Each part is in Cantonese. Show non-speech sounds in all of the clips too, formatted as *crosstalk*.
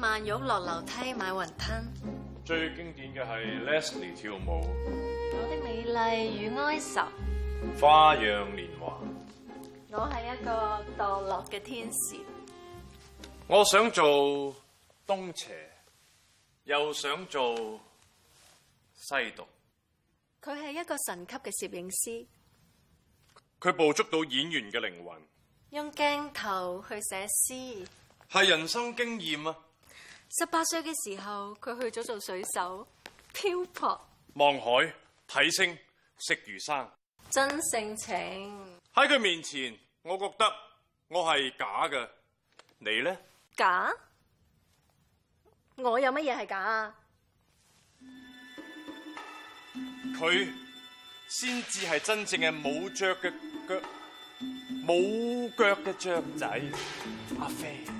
慢玉落樓梯買雲吞。最經典嘅係 Leslie 跳舞。我的美麗與哀愁。花樣年華。我係一個墮落嘅天使。我想做東邪，又想做西毒。佢係一個神級嘅攝影師。佢捕捉到演員嘅靈魂。用鏡頭去寫詩。係人生經驗啊！十八歲嘅時候，佢去咗做水手，漂泊，望海，睇星，食魚生，真性情。喺佢面前，我覺得我係假嘅。你呢？假？我有乜嘢係假啊？佢先至係真正嘅冇雀嘅腳，冇腳嘅雀仔，阿飛。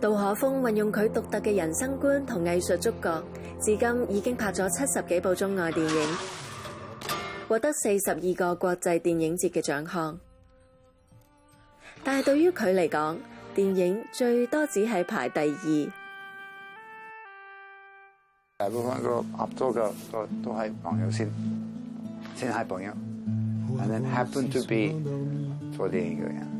杜可風運用佢獨特嘅人生觀同藝術觸覺，至今已經拍咗七十幾部中外電影，獲得四十二個國際電影節嘅獎項。但係對於佢嚟講，電影最多只係排第二。大部分個合作嘅都都係朋友先，先係朋友，and then happen to be 做電影嘅人。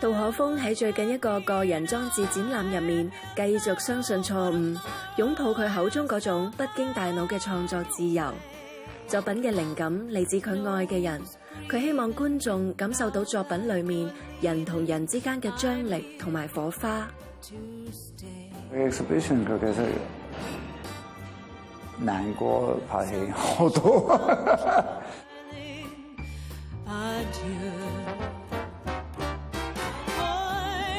杜可風喺最近一個個人裝置展覽入面，繼續相信錯誤，擁抱佢口中嗰種不經大腦嘅創作自由。作品嘅靈感嚟自佢愛嘅人，佢希望觀眾感受到作品裏面人同人之間嘅張力同埋火花。The exhibition，佢其實難過拍戲好多。 *laughs*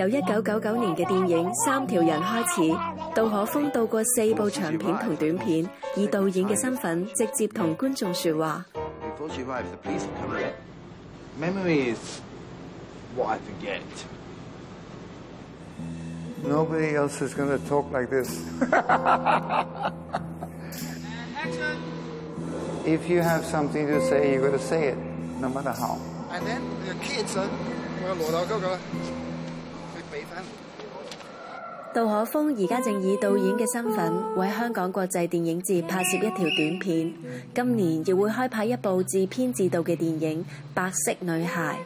由一九九九年嘅電影《三條人》開始，杜可風導過四部長片同短片，以導演嘅身份直接同觀眾說話。杜可風而家正以導演嘅身份為香港國際電影節拍攝一條短片，今年亦會開拍一部自編自導嘅電影《白色女孩》。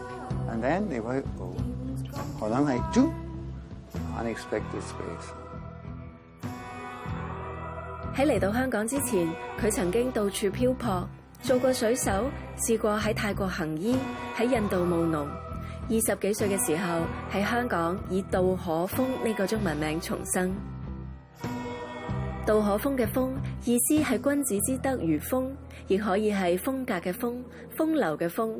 喺嚟、oh, so、到香港之前，佢曾經到處漂泊，做過水手，試過喺泰國行醫，喺印度務農。二十幾歲嘅時候，喺香港以杜可風呢個中文名重生。杜可風嘅風，意思係君子之德如風，亦可以係風格嘅風，風流嘅風。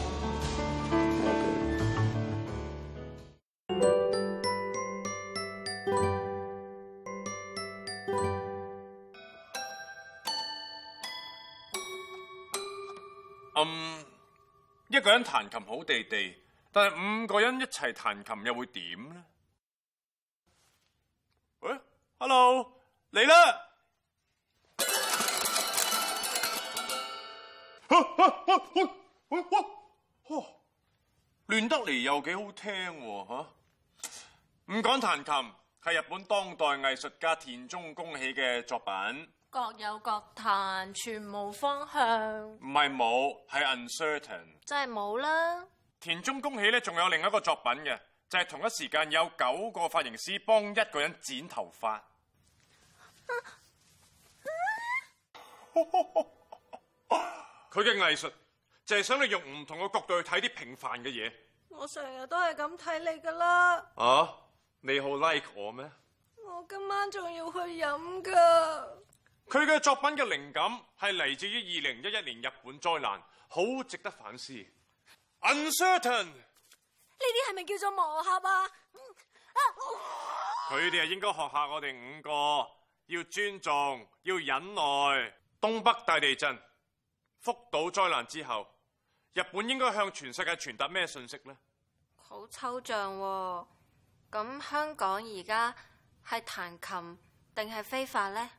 想彈琴好地地，但係五個人一齊彈琴又會點呢？喂，hello，嚟啦、啊啊啊啊啊啊啊啊！亂得嚟又幾好聽喎嚇！唔講彈琴，係日本當代藝術家田中功起嘅作品。各有各談，全無方向。唔係冇，係 uncertain，真係冇啦。田中功起咧，仲有另一個作品嘅，就係同一時間有九個髮型師幫一個人剪頭髮。佢嘅藝術就係想你用唔同嘅角度去睇啲平凡嘅嘢。我成日都係咁睇你噶啦。啊，你好 like 我咩？我今晚仲要去飲噶。佢嘅作品嘅靈感係嚟自於二零一一年日本災難，好值得反思。Uncertain 呢啲係咪叫做磨合啊？佢哋係應該學下我哋五個要尊重、要忍耐。東北大地震、福島災難之後，日本應該向全世界傳達咩信息呢？好抽象喎，啊。咁香港而家係彈琴定係非法呢？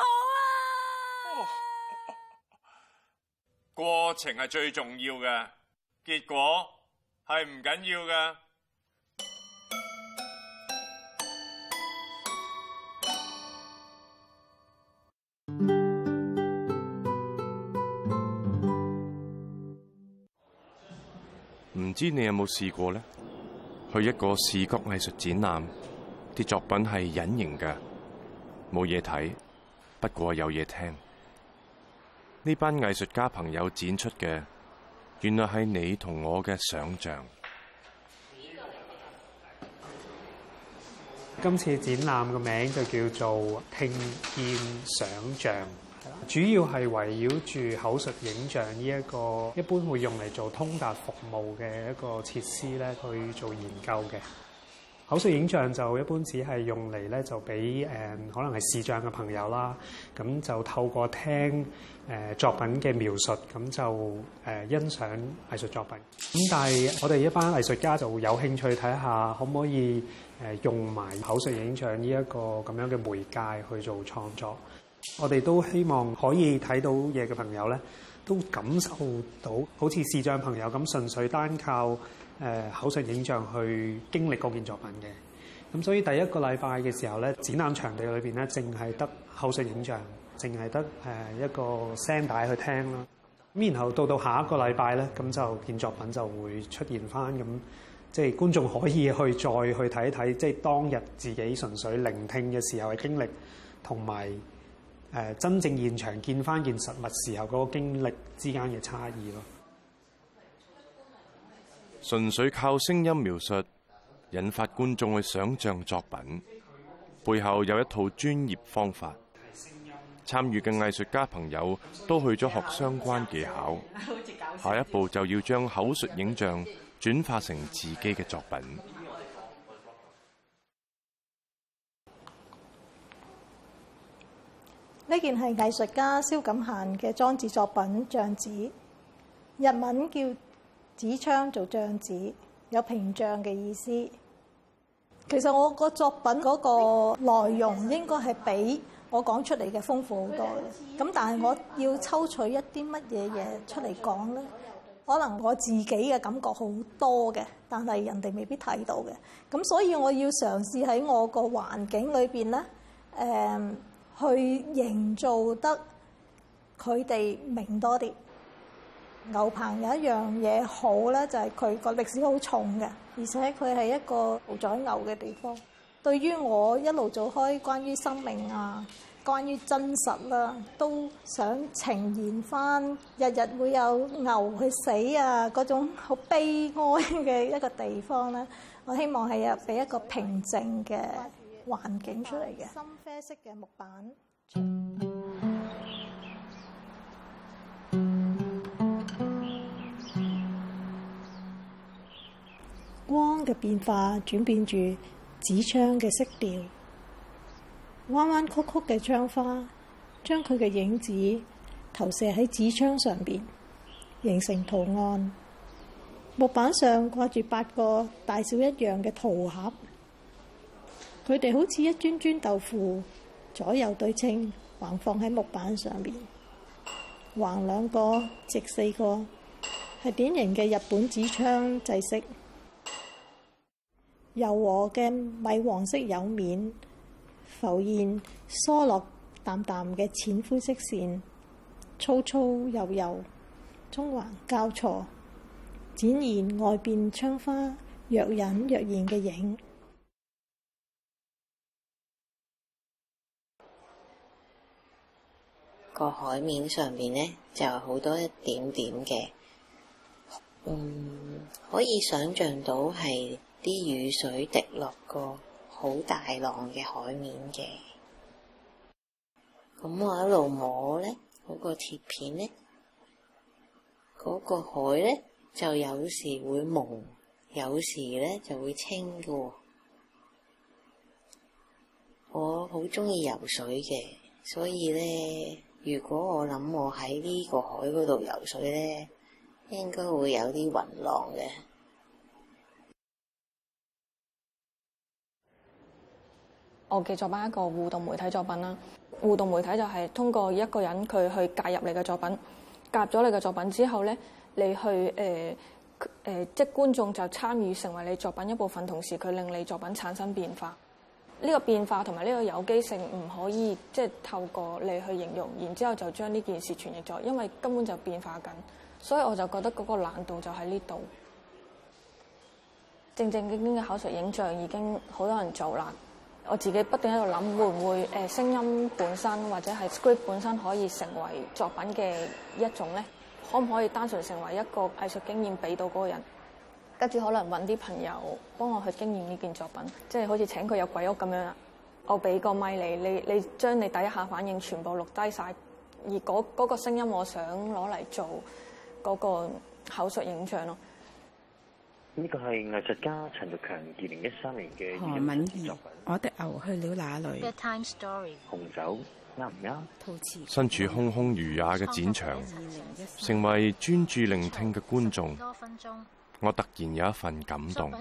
好啊！過程係最重要嘅，結果係唔緊要㗎。唔知你有冇試過呢？去一個視覺藝術展覽，啲作品係隱形嘅，冇嘢睇。不過有嘢聽，呢班藝術家朋友展出嘅，原來係你同我嘅想像。今次展覽嘅名就叫做聽見想像，主要係圍繞住口述影像呢一個，一般會用嚟做通達服務嘅一個設施咧，去做研究嘅。口述影像就一般只係用嚟咧，就俾誒可能係視障嘅朋友啦，咁就透過聽誒作品嘅描述，咁就誒欣賞藝術作品。咁但係我哋一班藝術家就會有興趣睇下，可唔可以誒用埋口述影像呢一個咁樣嘅媒介去做創作？我哋都希望可以睇到嘢嘅朋友咧，都感受到好似視障朋友咁，純粹單靠。誒口述影像去經歷嗰件作品嘅，咁所以第一個禮拜嘅時候咧，展覽場地裏邊咧，淨係得口述影像，淨係得誒一個聲帶去聽啦。咁然後到到下一個禮拜咧，咁就件作品就會出現翻，咁即係觀眾可以去再去睇一睇，即係當日自己純粹聆聽嘅時候嘅經歷，同埋誒真正現場見翻件實物時候嗰個經歷之間嘅差異咯。純粹靠聲音描述，引發觀眾去想像作品背後有一套專業方法。參與嘅藝術家朋友都去咗學相關技巧。下一步就要將口述影像轉化成自己嘅作品。呢件係藝術家蕭錦嫻嘅裝置作品《像紙》，日文叫。紙張做帳子，有屏障嘅意思。其實我個作品嗰個內容應該係比我講出嚟嘅豐富好多嘅。咁但係我要抽取一啲乜嘢嘢出嚟講咧，可能我自己嘅感覺好多嘅，但係人哋未必睇到嘅。咁所以我要嘗試喺我個環境裏邊咧，誒、嗯、去營造得佢哋明多啲。牛棚有一樣嘢好咧，就係佢個歷史好重嘅，而且佢係一個屠宰牛嘅地方。對於我一路做開關於生命啊、關於真實啦、啊，都想呈現翻日日會有牛去死啊嗰種，好悲哀嘅一個地方咧，我希望係啊俾，一個平靜嘅環境出嚟嘅。深啡色嘅木板。光嘅變化轉變住紙窗嘅色調，彎彎曲曲嘅窗花將佢嘅影子投射喺紙窗上邊，形成圖案。木板上掛住八個大小一樣嘅陶盒，佢哋好似一磚磚豆腐，左右對稱，橫放喺木板上面。橫兩個，直四個，係典型嘅日本紙窗製式。.由我嘅米黃色有面浮現，疏落淡淡嘅淺灰色線，粗粗幼幼，中環交錯，展現外邊窗花若隱若現嘅影。那個海面上面呢，就好多一點點嘅，嗯，可以想像到係。啲雨水滴落個好大浪嘅海面嘅，咁我一路摸咧，嗰、那個鐵片咧，嗰、那個海咧就有時會蒙，有時咧就會清喎。我好中意游水嘅，所以咧，如果我諗我喺呢個海嗰度游水咧，應該會有啲暈浪嘅。我嘅作品係一個互動媒體作品啦，互動媒體就係通過一個人佢去介入你嘅作品，夾咗你嘅作品之後咧，你去誒誒、呃呃，即觀眾就參與成為你作品一部分，同時佢令你作品產生變化。呢、這個變化同埋呢個有機性唔可以即、就是、透過你去形容，然之後就將呢件事傳譯咗，因為根本就變化緊，所以我就覺得嗰個難度就喺呢度。正正經經嘅口述影像已經好多人做啦。我自己不斷喺度諗會唔會聲音本身或者係 script 本身可以成為作品嘅一種咧？可唔可以單純成為一個藝術經驗俾到嗰個人？跟住可能搵啲朋友幫我去經驗呢件作品，即係好似請佢有鬼屋咁樣啦。我俾個咪你，你你將你第一下反應全部錄低晒，而嗰嗰個聲音，我想攞嚟做嗰個口述影像咯。呢個係藝術家陳玉強二零一三年嘅攝影作品《我的牛去了哪裡》。紅酒啱唔啱？身處空空如也嘅展場，成為專注聆聽嘅觀眾。我突然有一份感動。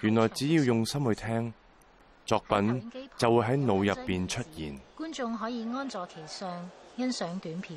原來只要用心去聽，作品就會喺腦入邊出現。觀眾可以安坐其上欣賞短片。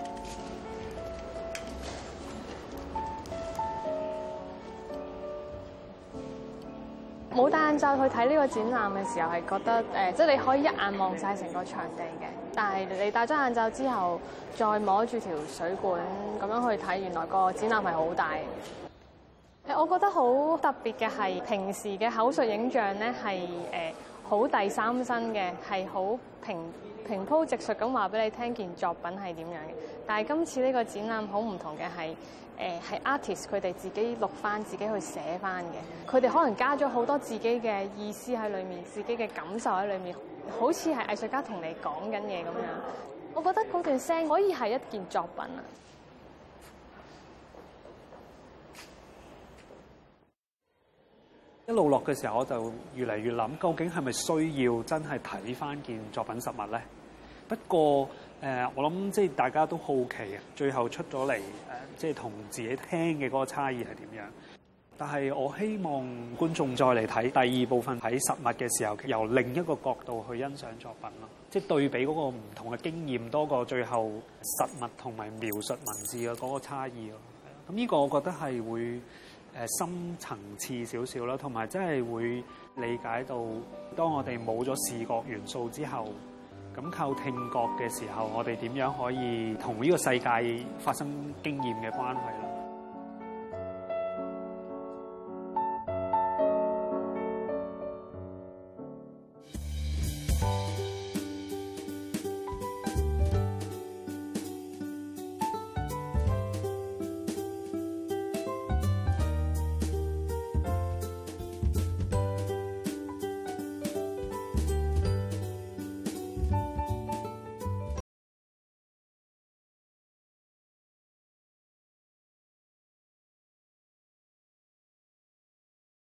冇戴眼罩去睇呢個展覽嘅時候，係覺得誒，即、呃、係、就是、你可以一眼望晒成個場地嘅。但係你戴咗眼罩之後，再摸住條水管咁樣去睇，原來個展覽係好大。誒，我覺得好特別嘅係平時嘅口述影像咧，係、呃、誒。好第三身嘅係好平平鋪直述咁話俾你聽件作品係點樣嘅，但係今次呢個展覽好唔同嘅係，誒係 artist 佢哋自己錄翻，自己去寫翻嘅，佢哋可能加咗好多自己嘅意思喺裏面，自己嘅感受喺裏面，好似係藝術家同你講緊嘢咁樣，我覺得嗰段聲可以係一件作品啊。一路落嘅時候，我就越嚟越諗，究竟係咪需要真係睇翻件作品實物咧？不過誒，我諗即係大家都好奇，最後出咗嚟，誒即係同自己聽嘅嗰個差異係點樣，但係我希望觀眾再嚟睇第二部分喺實物嘅時候，由另一個角度去欣賞作品咯，即係對比嗰個唔同嘅經驗多過最後實物同埋描述文字嘅嗰個差異咯。咁呢個我覺得係會。誒深層次少少啦，同埋真係會理解到，當我哋冇咗視覺元素之後，咁靠聽覺嘅時候，我哋點樣可以同呢個世界發生經驗嘅關係啦？